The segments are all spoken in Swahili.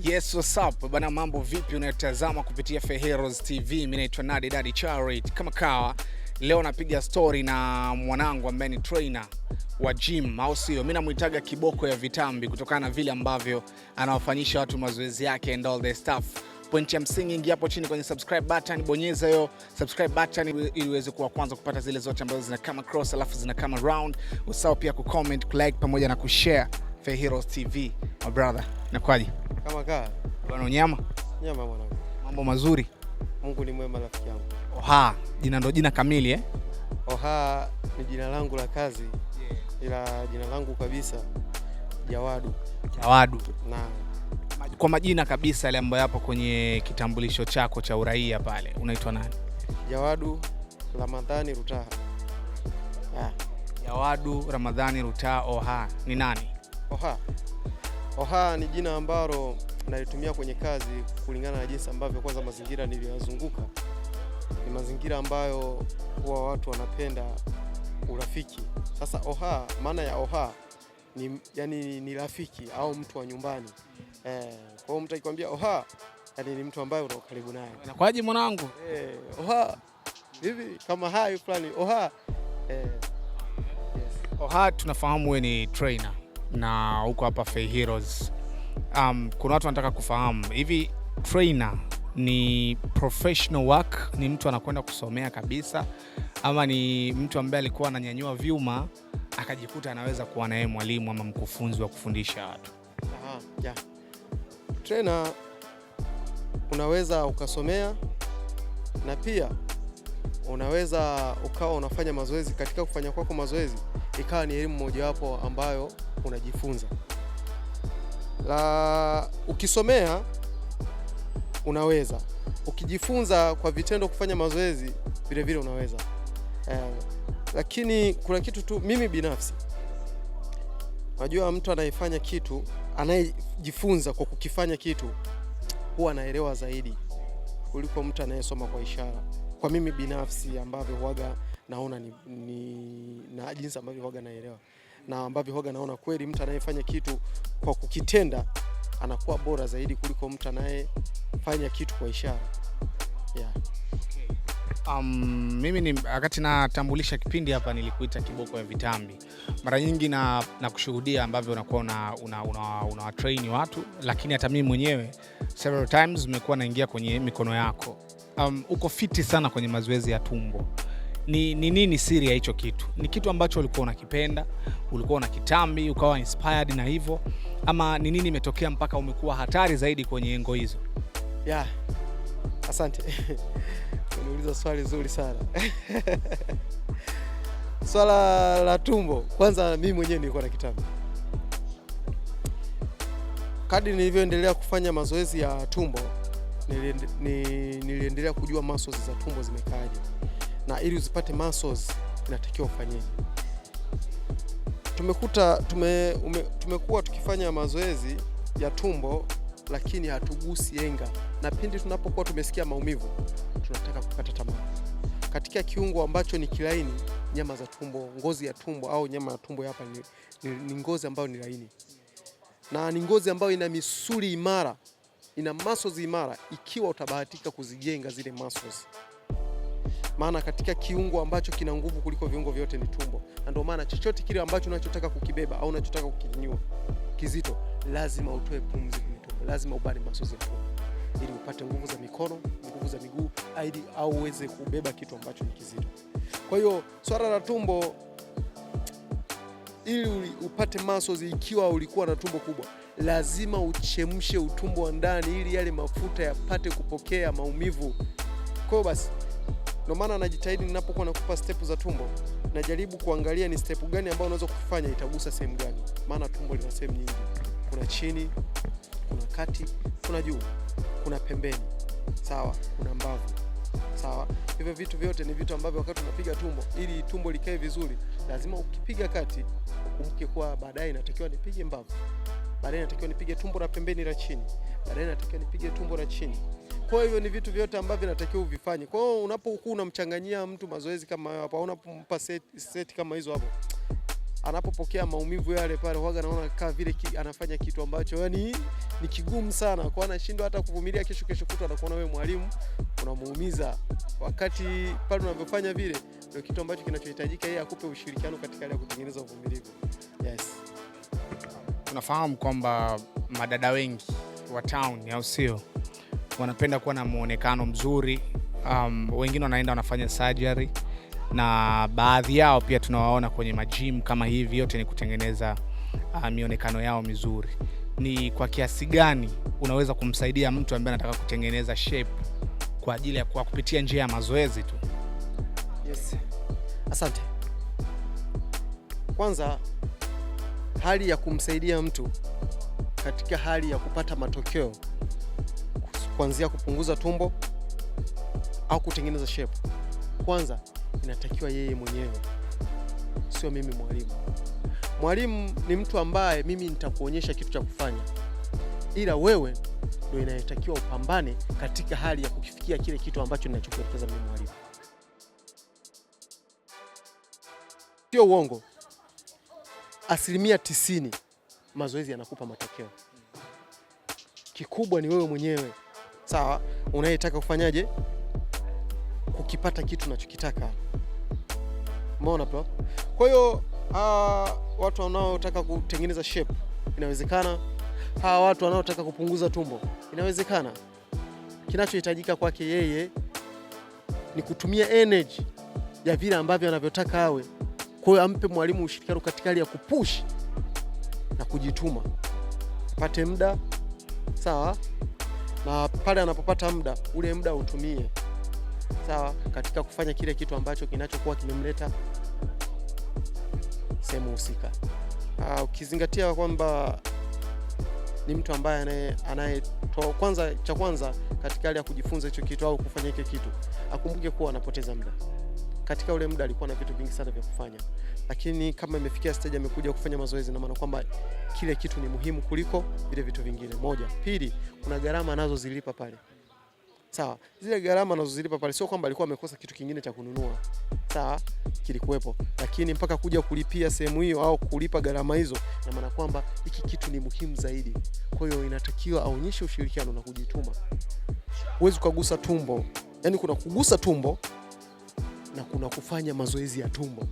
Yes, what's up? Bana, mambo vipi? Unayotazama kupitia Feheros TV. Mimi naitwa Nadi Dadi Charit. Kama kawa, leo napiga story na mwanangu ambaye ni trainer wa gym, au sio? Mimi namuitaga kiboko ya vitambi kutokana na vile ambavyo anawafanyisha watu mazoezi yake and all the stuff. Point ya msingi, ingia hapo chini kwenye subscribe button, bonyeza hiyo subscribe button ili uweze kuwa kwanza kupata zile zote ambazo zina kama cross alafu zina kama round. Usahau pia kucomment, kulike pamoja na kushare. Fair Heroes TV, my brother. Na Nakwaje? Kama kaa. Bwana unyama? Nyama mwanangu. Mambo mazuri. Mungu ni mwema rafiki yangu. Oha, jina ndo jina kamili eh? Oha ni jina langu la kazi. Ila jina langu kabisa Jawadu. Jawadu. Na kwa majina kabisa yale ambayo yapo kwenye kitambulisho chako cha uraia pale, unaitwa nani? Jawadu Ramadhani Rutaha. Yeah. Jawadu Ramadhani Rutaha Oha ni nani? Oha. Oha ni jina ambalo nalitumia kwenye kazi kulingana na jinsi ambavyo kwanza mazingira niliyozunguka ni mazingira ambayo huwa watu wanapenda urafiki. Sasa oha, maana ya oha ni, yani, ni rafiki au mtu wa nyumbani eh. Kwa hiyo mtu akikwambia oha, yani ni mtu ambaye unakuwa karibu naye. Kwaje mwanangu eh, oha hivi kama hai fulani oha eh, yes. Oha tunafahamu wewe ni trainer na huko hapa Fay Heroes. Um, kuna watu wanataka kufahamu hivi trainer ni professional work, ni mtu anakwenda kusomea kabisa, ama ni mtu ambaye alikuwa ananyanyua vyuma akajikuta anaweza kuwa naye mwalimu ama mkufunzi wa kufundisha watu? Aha, ya. Trainer unaweza ukasomea na pia unaweza ukawa unafanya mazoezi. Katika kufanya kwako mazoezi ikawa ni elimu mojawapo ambayo unajifunza. La, ukisomea unaweza, ukijifunza kwa vitendo, kufanya mazoezi vile vile unaweza eh, lakini kuna kitu tu mimi binafsi najua mtu anayefanya kitu anayejifunza kwa kukifanya kitu huwa anaelewa zaidi kuliko mtu anayesoma kwa ishara, kwa mimi binafsi ambavyo huaga naona ni, ni na jinsi ambavyo hoga naelewa na ambavyo hoga naona kweli mtu anayefanya kitu kwa kukitenda anakuwa bora zaidi kuliko mtu anayefanya kitu kwa ishara yeah. Um, mimi ni wakati natambulisha kipindi hapa nilikuita kiboko ya vitambi. Mara nyingi na, na kushuhudia ambavyo unakuwa una, una, una, una una train watu, lakini hata mimi mwenyewe several times nimekuwa naingia kwenye mikono yako. Um, uko fiti sana kwenye mazoezi ya tumbo ni nini ni siri ya hicho kitu? Ni kitu ambacho ulikuwa unakipenda, ulikuwa unakitambi, ukawa inspired na hivyo, ama ni nini imetokea mpaka umekuwa hatari zaidi kwenye engo hizo? Yeah. Asante. uliuliza swali zuri sana. Swala la tumbo, kwanza mimi mwenyewe nilikuwa na kitambi. kadi nilivyoendelea kufanya mazoezi ya tumbo niliendelea kujua masozi za tumbo zimekaaje na ili uzipate muscles inatakiwa ufanyeje? Tumekuta tume, ume, tumekuwa tukifanya mazoezi ya tumbo lakini hatugusi enga, na pindi tunapokuwa tumesikia maumivu tunataka kukata tamaa katika kiungo ambacho ni kilaini, nyama za tumbo, ngozi ya tumbo au nyama ya tumbo hapa ni, ni, ni ngozi ambayo ni laini na ni ngozi ambayo ina misuli imara, ina muscles imara, ikiwa utabahatika kuzijenga zile muscles maana katika kiungo ambacho kina nguvu kuliko viungo vyote ni tumbo, na ndio maana chochote kile ambacho unachotaka kukibeba au unachotaka kukinyua kizito, lazima utoe pumzi kwenye tumbo, lazima ubane masozi ya tumbo ili upate nguvu za mikono, nguvu za miguu, aidi au uweze kubeba kitu ambacho ni kizito. Kwa hiyo swala la tumbo, ili upate masozi, ikiwa ulikuwa na tumbo kubwa, lazima uchemshe utumbo wa ndani, ili yale mafuta yapate kupokea maumivu. Kwa hiyo basi ndio maana najitahidi ninapokuwa nakupa step za tumbo, najaribu kuangalia ni step gani ambayo unaweza kufanya itagusa sehemu gani, maana tumbo lina sehemu nyingi. Kuna chini, kuna kati, kuna juu, kuna pembeni, sawa, kuna mbavu, sawa. Hivyo vitu vyote ni vitu ambavyo wakati unapiga tumbo, ili tumbo likae vizuri, lazima ukipiga kati ukumbuke kuwa baadaye inatakiwa nipige mbavu, baadaye inatakiwa nipige tumbo la pembeni la chini, baadaye inatakiwa nipige tumbo la chini kwa hiyo ni vitu vyote ambavyo natakiwa uvifanye. Kwa hiyo unapokuwa unamchanganyia mtu mazoezi kama hayo hapo, unapompa set, set kama hizo hapo, anapopokea maumivu yale pale, huaga naona kaa vile ki, anafanya kitu ambacho yani ni kigumu sana, kwa anashindwa hata kuvumilia. Kesho kesho kutu anakuona wewe mwalimu unamuumiza, wakati pale unavyofanya vile, ndio kitu ambacho kinachohitajika yeye akupe ushirikiano katika hali ya kutengeneza uvumilivu. Yes, tunafahamu kwamba madada wengi wa town au sio? wanapenda kuwa na muonekano mzuri. Um, wengine wanaenda wanafanya surgery na baadhi yao pia tunawaona kwenye majim kama hivi. Yote ni kutengeneza uh, mionekano yao mizuri. Ni kwa kiasi gani unaweza kumsaidia mtu ambaye anataka kutengeneza shape kwa ajili ya kwa kupitia njia ya mazoezi tu? Yes. Asante. Kwanza hali ya kumsaidia mtu katika hali ya kupata matokeo kuanzia kupunguza tumbo au kutengeneza shepu, kwanza inatakiwa yeye mwenyewe, sio mimi mwalimu. Mwalimu ni mtu ambaye mimi nitakuonyesha kitu cha kufanya, ila wewe ndio inayetakiwa upambane katika hali ya kukifikia kile kitu ambacho ninachokuelekeza mimi mwalimu. Sio uongo, asilimia tisini mazoezi yanakupa matokeo. Kikubwa ni wewe mwenyewe sawa, unayetaka kufanyaje kukipata kitu unachokitaka. Umeona bro? Kwa hiyo uh, watu wanaotaka kutengeneza shape inawezekana. Hawa watu wanaotaka kupunguza tumbo inawezekana. Kinachohitajika kwake yeye ni kutumia energy ya vile ambavyo anavyotaka awe. Kwa hiyo ampe mwalimu ushirikiano katika hali ya kupush na kujituma, apate muda sawa, na pale anapopata muda ule muda utumie sawa, katika kufanya kile kitu ambacho kinachokuwa kimemleta sehemu husika, ah, ukizingatia kwamba ni mtu ambaye anaye anayetoa kwanza, cha kwanza katika hali ya kujifunza hicho kitu au kufanya hicho kitu, akumbuke kuwa anapoteza muda. Katika ule muda alikuwa na vitu vingi sana vya kufanya lakini kama imefikia stage amekuja kufanya mazoezi, na maana kwamba kile kitu ni muhimu kuliko vile vitu vingine. Moja, pili, kuna gharama anazozilipa pale Sawa, zile gharama anazozilipa pale sio kwamba alikuwa amekosa kitu kingine cha kununua, sawa, kilikuwepo, lakini mpaka kuja kulipia sehemu hiyo au kulipa gharama hizo, na maana kwamba hiki kitu ni muhimu zaidi. Kwa hiyo inatakiwa aonyeshe ushirikiano na kujituma. Huwezi kugusa tumbo, yani kuna kugusa tumbo na kuna kufanya mazoezi ya tumbo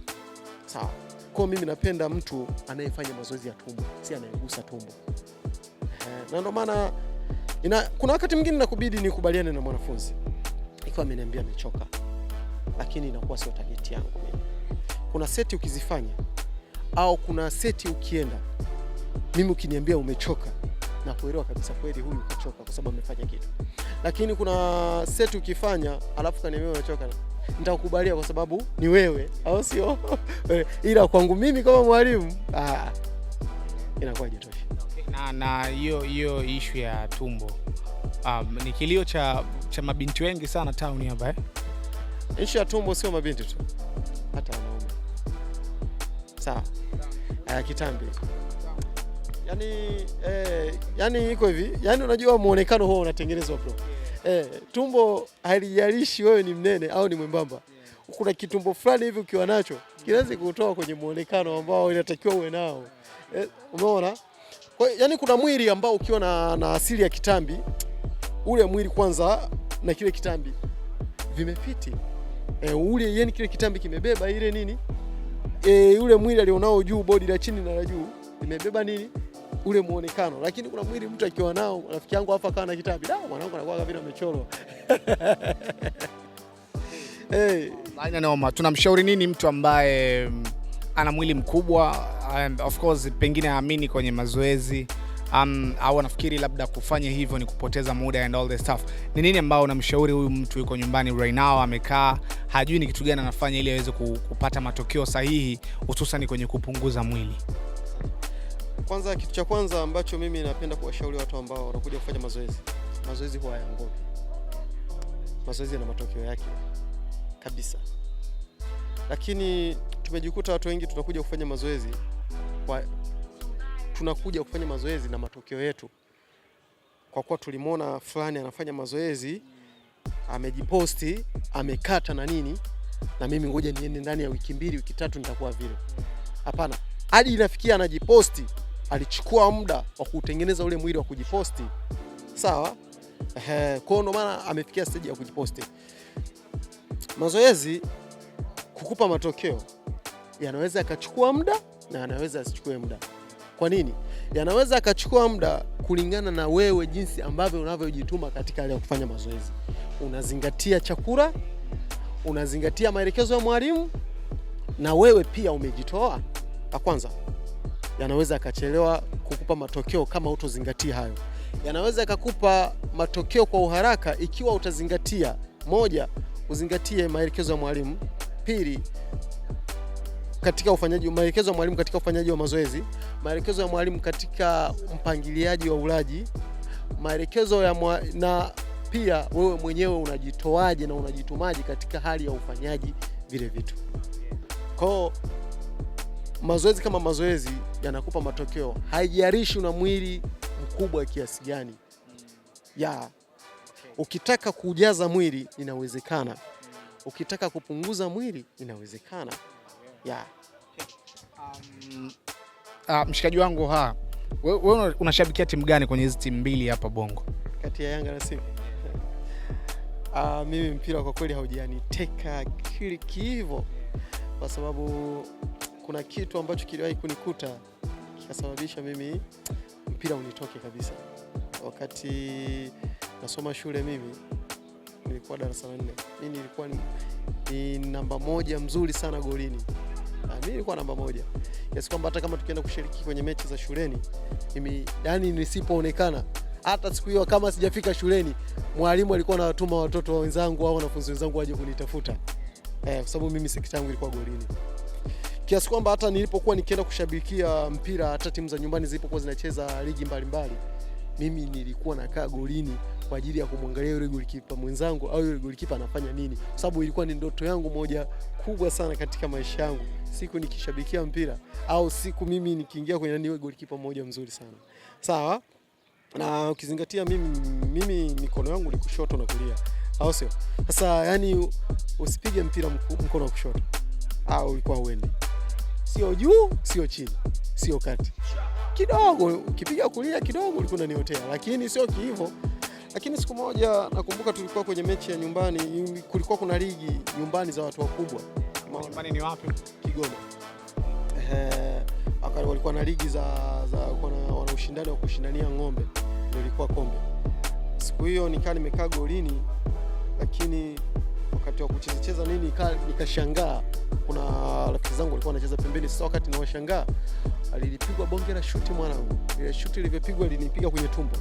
sawa. Kwa mimi napenda mtu anayefanya mazoezi ya tumbo, si anayegusa tumbo. Eh, na ndio maana kuna wakati mwingine nakubidi nikubaliane na mwanafunzi ikiwa ameniambia amechoka, lakini inakuwa sio target yangu mimi. Kuna seti ukizifanya au kuna seti ukienda, mimi ukiniambia umechoka na kuelewa kabisa kweli huyu ukachoka kwa sababu amefanya kitu, lakini kuna seti ukifanya alafu kaniambia umechoka nitakubalia kwa sababu ni wewe, au sio? Eh, ila kwangu mimi kama mwalimu ah, inakuwa jitoshi. Na na hiyo hiyo ishu ya tumbo um, ni kilio cha, cha mabinti wengi sana town hapa eh? Ishu ya tumbo sio mabinti tu, hata wanaume sawa. Aya, kitambi yani, eh, yani iko hivi yani, unajua muonekano huo unatengenezwa bro eh, tumbo halijalishi wewe ni mnene au ni mwembamba yeah. Kuna kitumbo fulani hivi ukiwa nacho mm. kinaweza kutoa kwenye muonekano ambao inatakiwa uwe nao eh, umeona? Kwa yani kuna mwili ambao ukiwa na, na asili ya kitambi ule mwili kwanza na kile kitambi vimefiti eh, ule yani kile kitambi kimebeba ile nini eh, ule mwili alionao juu, body la chini na la juu imebeba nini ule muonekano, lakini kuna mwili mtu akiwa nao, rafiki yangu hapa kaa na kitabu, da mwanangu anakuwa kama vile amechorwa hey. Haina noma. Tunamshauri nini mtu ambaye mm, ana mwili mkubwa and of course pengine haamini kwenye mazoezi um, au anafikiri labda kufanya hivyo ni kupoteza muda and all the stuff. Ni nini ambao unamshauri huyu mtu yuko nyumbani right now, amekaa hajui ni kitu gani anafanya ili aweze kupata matokeo sahihi, hususan kwenye kupunguza mwili? Kwanza, kitu cha kwanza ambacho mimi napenda kuwashauri watu ambao wanakuja kufanya mazoezi, mazoezi huwa hayaogopi, mazoezi yana matokeo yake kabisa. Lakini tumejikuta watu wengi tunakuja kufanya mazoezi kwa, tunakuja kufanya mazoezi na matokeo yetu, kwa kuwa tulimwona fulani anafanya mazoezi, amejiposti, amekata na nini, na mimi ngoja niende ndani ya wiki mbili, wiki tatu nitakuwa vile. Hapana, hadi inafikia anajiposti alichukua muda wa kutengeneza ule mwili wa kujiposti, sawa. Kwao ndo maana amefikia stage ya kujiposti. Mazoezi kukupa matokeo yanaweza yakachukua muda na yanaweza yasichukue muda. Kwa nini? Yanaweza yakachukua muda kulingana na wewe, jinsi ambavyo unavyojituma katika hali ya kufanya mazoezi. Unazingatia chakula, unazingatia maelekezo ya mwalimu, na wewe pia umejitoa. La kwanza yanaweza yakachelewa kukupa matokeo kama utozingatia hayo. Yanaweza yakakupa matokeo kwa uharaka ikiwa utazingatia, moja, uzingatie maelekezo ya mwalimu; pili, katika ufanyaji maelekezo ya mwalimu katika ufanyaji wa mazoezi, maelekezo ya mwalimu katika mpangiliaji wa ulaji, maelekezo ya mwa, na pia wewe mwenyewe unajitoaje na unajitumaje katika hali ya ufanyaji vile vitu kwao mazoezi kama mazoezi yanakupa matokeo, haijarishi una mwili mkubwa kiasi gani ya ukitaka kujaza mwili inawezekana, ukitaka kupunguza mwili inawezekana ya um, uh, mshikaji wangu ha wewe unashabikia timu gani kwenye hizi timu mbili hapa Bongo kati ya Yanga na Simba? Uh, mimi mpira kwa kweli haujaniteka kili kiivo kwa sababu kuna kitu ambacho kiliwahi kunikuta kikasababisha mimi mpira unitoke kabisa. Wakati nasoma shule mimi nilikuwa darasa la nne, mimi nilikuwa ni, ni namba moja mzuri sana golini. Mi nilikuwa namba moja kiasi kwamba hata kama tukienda kushiriki kwenye mechi za shuleni mimi, yani nisipoonekana hata siku hiyo kama sijafika shuleni, mwalimu alikuwa anawatuma watoto wenzangu au wanafunzi wenzangu waje kunitafuta eh, kwa sababu mimi sekta yangu ilikuwa golini kiasi kwamba hata nilipokuwa nikienda kushabikia mpira hata timu za nyumbani zilipokuwa zinacheza ligi mbalimbali mimi nilikuwa nakaa golini kwa ajili ya kumwangalia yule golikipa mwenzangu au yule golikipa anafanya nini, kwa sababu ilikuwa ni ndoto yangu moja kubwa sana katika maisha yangu, siku nikishabikia mpira au siku mimi nikiingia kwenye niwe golikipa mmoja mzuri sana. Sawa, na ukizingatia mimi, mimi mikono yangu ni kushoto na kulia, au sio? Sasa yani usipige mpira mkono wa kushoto, au ulikuwa uende sio juu sio chini sio kati, kidogo ukipiga kulia kidogo ulikuwa unaniotea, lakini sio kiivo. Lakini siku moja nakumbuka tulikuwa kwenye mechi ya nyumbani, kulikuwa kuna ligi nyumbani za watu wakubwa. Nyumbani ni wapi? Kigoma. Eh, walikuwa na ligi za, za wana ushindani wa kushindania ng'ombe, ndio ilikuwa kombe. Siku hiyo nikaa nimekaa golini, lakini wakati wa kucheza cheza nini, nikashangaa kuna rafiki zangu walikuwa wanacheza pembeni. Sasa wakati nawashangaa, alilipigwa bonge la shuti mwanangu. Ile shuti ilivyopigwa ilinipiga kwenye tumbo,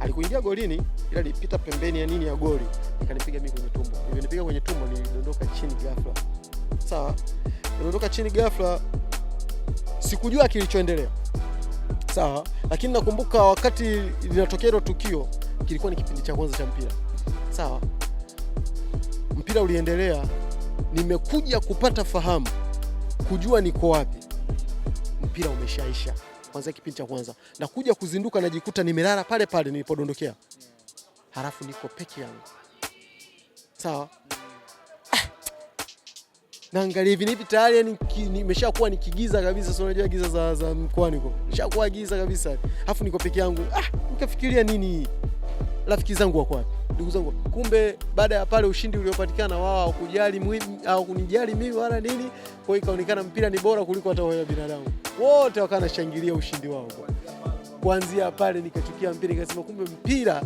alikuingia golini, ila lipita pembeni ya nini ya goli, ikanipiga mimi kwenye tumbo. Ilinipiga kwenye tumbo, nilidondoka chini ghafla. Sawa, nilidondoka chini ghafla, sikujua kilichoendelea. Sawa, lakini nakumbuka wakati linatokea hilo tukio, kilikuwa ni kipindi cha kwanza cha mpira. Sawa mpira uliendelea, nimekuja kupata fahamu kujua niko wapi, mpira umeshaisha kwanza kipindi cha kwanza, na kuja kuzinduka najikuta nimelala pale pale nilipodondokea, halafu niko peke yangu. Sawa, naangalia hivi nipi tayari, yani nimeshakuwa ni kigiza kabisa, sio unajua giza za, za mkoani huko nishakuwa giza kabisa, Alafu niko peke yangu. Ah, nikafikiria nini, rafiki zangu wako wapi? ndugu zangu, kumbe baada ya pale ushindi uliopatikana wao hawakujali au kunijali mimi wala nini, kwa hiyo ikaonekana mpira ni bora kuliko hata wao binadamu wote, wakawa nashangilia ushindi wao. Kuanzia pale nikachukia mpira, nikasema kumbe mpira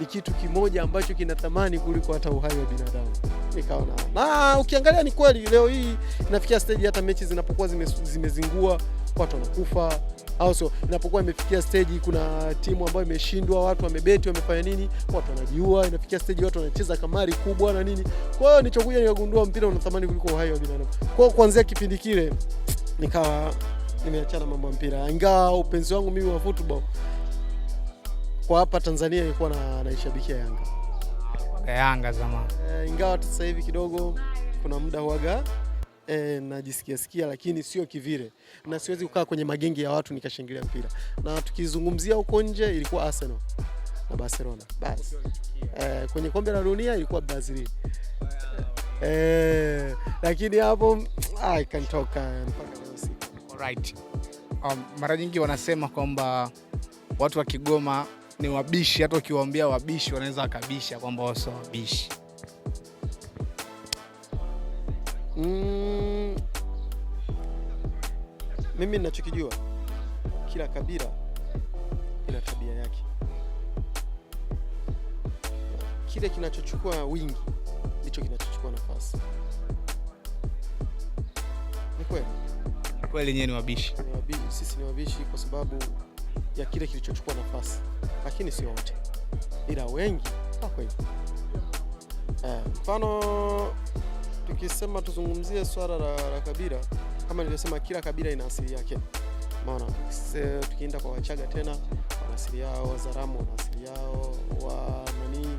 ni kitu kimoja ambacho kina thamani kuliko hata uhai wa binadamu. Nikaona na ukiangalia ni kweli, leo hii nafikia stage hata mechi zinapokuwa zimezingua, zime watu wanakufa Also inapokuwa imefikia stage, kuna timu ambayo imeshindwa, watu wamebeti, wamefanya nini, watu wanajiua. Inafikia stage watu wanacheza kamari kubwa na nini. Kwa hiyo nilichokuja nikagundua mpira una thamani kuliko uhai wa binadamu. Kwa hiyo kuanzia kipindi kile nikawa nimeachana mambo ya mpira, ingawa upenzi wangu mimi wa football kwa hapa Tanzania nilikuwa na naishabikia Yanga Yanga zamani, e, ingawa sasa hivi kidogo kuna muda huaga e, najisikia sikia, lakini sio kivile, na siwezi kukaa kwenye magengi ya watu nikashangilia mpira. Na tukizungumzia huko nje ilikuwa Arsenal na Barcelona bas. E, kwenye kombe la dunia ilikuwa Brazil e, lakini hapo I can talk siku. Alright. Um, mara nyingi wanasema kwamba watu wa Kigoma ni wabishi, hata ukiwaambia wabishi wanaweza wakabisha kwamba wao sio wabishi. Mm, mimi ninachokijua kila kabila ina tabia yake. Kile kinachochukua wingi ndicho kinachochukua nafasi. Ni kweli kweli, nyewe ni wabishi, sisi ni wabishi kwa sababu ya kile kilichochukua nafasi, lakini sio wote, ila wengi kweli. Eh, Mfano Tukisema tuzungumzie swala la, la kabila, kama nilivyosema, kila kabila ina asili yake. Maana tukienda kwa Wachaga tena wana asili yao, Wazaramo wana asili yao, wa nani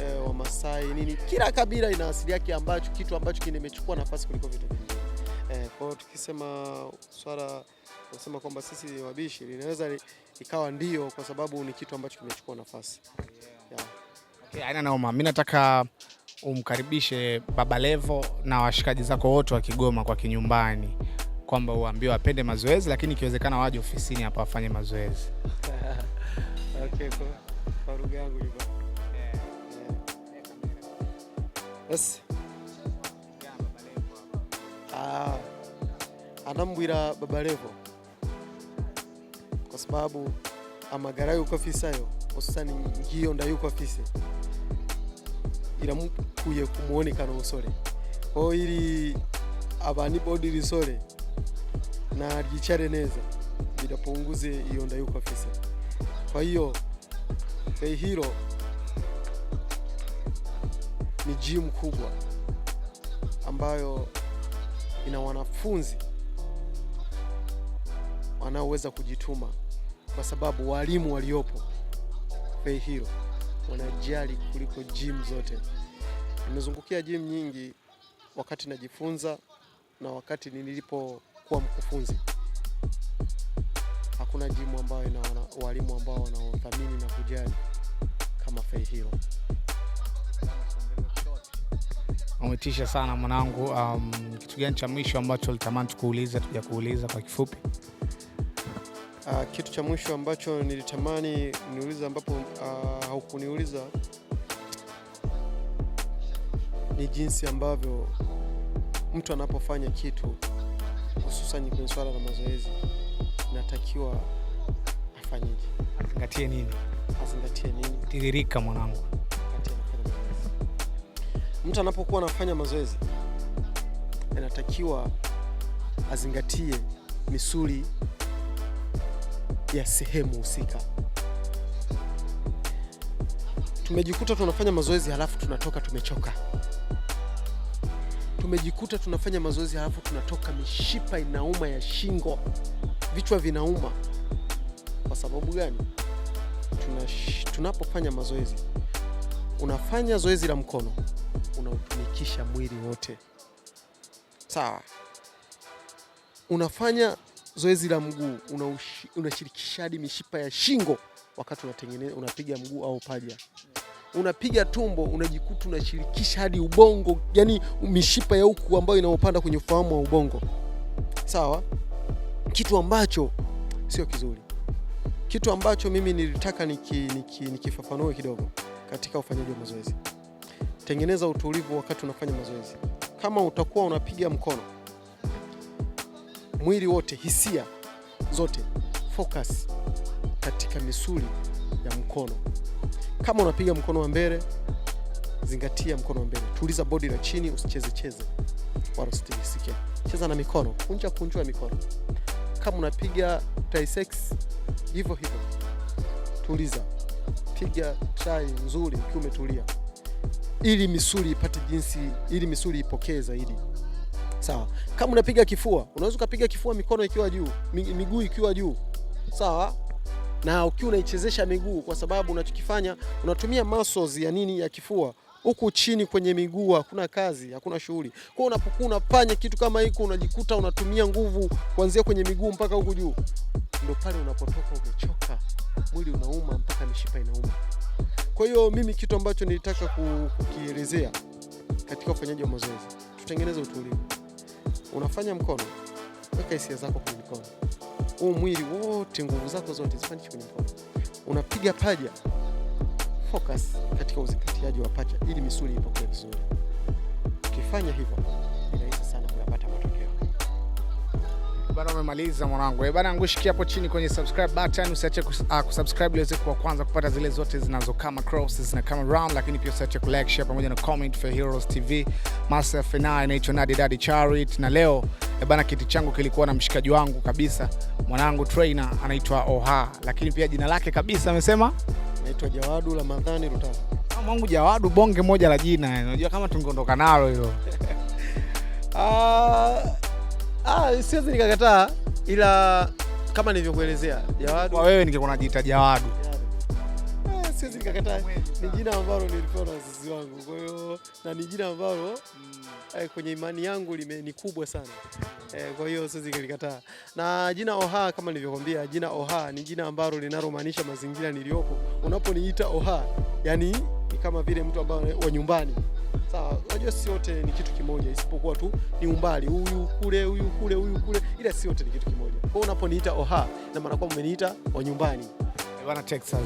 e, wa Masai nini, kila kabila ina asili yake, ambacho kitu ambacho kimechukua nafasi kuliko vitu vingine e. Kwa hiyo tukisema swala kusema kwamba sisi ni wabishi linaweza ikawa ndio, kwa sababu ni kitu ambacho kimechukua nafasi yeah. Yeah. Okay, aina naoma Mimi nataka umkaribishe Baba Levo na washikaji zako wote wa Kigoma kwa kinyumbani, kwamba uambie wapende mazoezi, lakini ikiwezekana waje ofisini hapa wafanye mazoezi. Okay, Yes. Ah, anambwira Baba Levo kwa sababu amagarayuko yuko hususani ngiyo ndayuko ofisi iramukuye ku muonekano ko iri abani body risore ryicare neza birapunguze iyo nda yuko afise kwa hiyo e hero ni gym kubwa ambayo ina wanafunzi wanaoweza kujituma kwa sababu walimu waliopo Feihiro wanajali kuliko gym zote. Nimezungukia gym nyingi wakati najifunza na wakati nilipokuwa mkufunzi. Hakuna gym ambayo ina walimu ambao wanaothamini na kujali kama Fay Hero. Umetisha sana mwanangu. Um, kitu gani cha mwisho ambacho ulitamani tukuuliza tuja kuuliza kwa kifupi? Uh, kitu cha mwisho ambacho nilitamani niuliza ambapo uh, haukuniuliza ni jinsi ambavyo mtu anapofanya kitu hususan kwenye swala la mazoezi natakiwa afanyeje, azingatie nini, azingatie nini. Tiririka mwanangu, mtu anapokuwa anafanya mazoezi anatakiwa azingatie misuli ya sehemu husika tumejikuta tunafanya mazoezi halafu tunatoka tumechoka. Tumejikuta tunafanya mazoezi halafu tunatoka mishipa inauma ya shingo, vichwa vinauma. Kwa sababu gani? tunapofanya mazoezi, unafanya zoezi la mkono, unautumikisha mwili wote, sawa. Unafanya zoezi la mguu, unashirikisha hadi mishipa ya shingo wakati unapiga mguu au paja unapiga tumbo, unajikuta unashirikisha hadi ubongo, yani mishipa ya huku ambayo inaopanda kwenye ufahamu wa ubongo, sawa, kitu ambacho sio kizuri, kitu ambacho mimi nilitaka nikifafanue niki, niki kidogo katika ufanyaji wa mazoezi. Tengeneza utulivu wakati unafanya mazoezi. Kama utakuwa unapiga mkono, mwili wote, hisia zote, focus katika misuli ya mkono. Kama unapiga mkono wa mbele, zingatia mkono wa mbele, tuliza bodi la chini, usicheze cheze wala usitikisike. Cheza na mikono, kunja kunjua mikono. Kama unapiga triceps, hivyo hivyo, tuliza, piga trai nzuri ukiwa umetulia, ili misuli ipate jinsi, ili misuli ipokee zaidi. Sawa. Kama unapiga kifua, unaweza ukapiga kifua mikono ikiwa juu, miguu ikiwa juu, sawa na ukiwa unaichezesha miguu, kwa sababu unachokifanya unatumia muscles ya nini ya kifua huku chini kwenye miguu hakuna kazi, hakuna shughuli. Kwa unapokuwa unafanya kitu kama hiko, unajikuta unatumia nguvu kuanzia kwenye miguu mpaka huku juu, ndio pale unapotoka umechoka, mwili unauma mpaka mishipa inauma. Kwa hiyo mimi kitu ambacho nilitaka kukielezea katika ufanyaji wa mazoezi, tutengeneze utulivu. Unafanya mkono, weka hisia zako kwenye mkono huu mwili wote, nguvu zako zote zipandishe kwenye mkono. Unapiga paja, focus katika uzingatiaji wa paja ili misuli ipokee vizuri. Ukifanya hivyo ni sana kuyapata matokeo. Bado umemaliza mwanangu. Eh, bana ngushiki hapo chini kwenye subscribe button, usiache ah, kusubscribe ili uweze kuwa kwanza kupata zile zote zinazo kama crosses na kama round, lakini pia usiache kulike, share pamoja na comment for Heroes TV. Master Fena inaitwa Nadi Dadi Charit na leo E bana, kiti changu kilikuwa na mshikaji wangu kabisa, mwanangu trainer anaitwa Oha, lakini pia jina lake kabisa amesema naitwa Jawadu Ramadhani Kama ah, Mwanangu Jawadu, bonge moja la jina, unajua kama tungeondoka nalo hilo ah, ah, siwezi nikakataa, ila kama nilivyokuelezea Jawadu, kwa wewe ningekuwa najiita Jawadu siwezi nikakataa, ni jina ambalo nilipewa na wazazi wangu, kwa hiyo na ni jina ambalo mm. Eh, kwenye imani yangu lime, ni kubwa sana eh, kwa hiyo siwezi nikataa. Na jina Oha kama nilivyokuambia, jina Oha ni jina ambalo linalomaanisha mazingira niliyopo. Unaponiita Oha, yani ni kama vile mtu ambaye wa nyumbani Sawa, unajua si yote ni kitu kimoja, isipokuwa tu ni umbali, huyu kule, huyu kule, huyu kule, ila si yote ni kitu kimoja. Kwa hiyo unaponiita Oha, na maana kwamba umeniita wa nyumbani. Bwana Texas